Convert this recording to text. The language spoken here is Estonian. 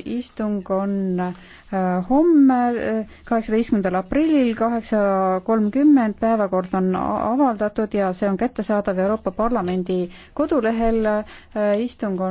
istung on äh, homme, äh, kaheksateistkümnendal aprillil kaheksa kolmkümmend, päevakord on avaldatud ja see on kättesaadav Euroopa Parlamendi kodulehel, äh, istung on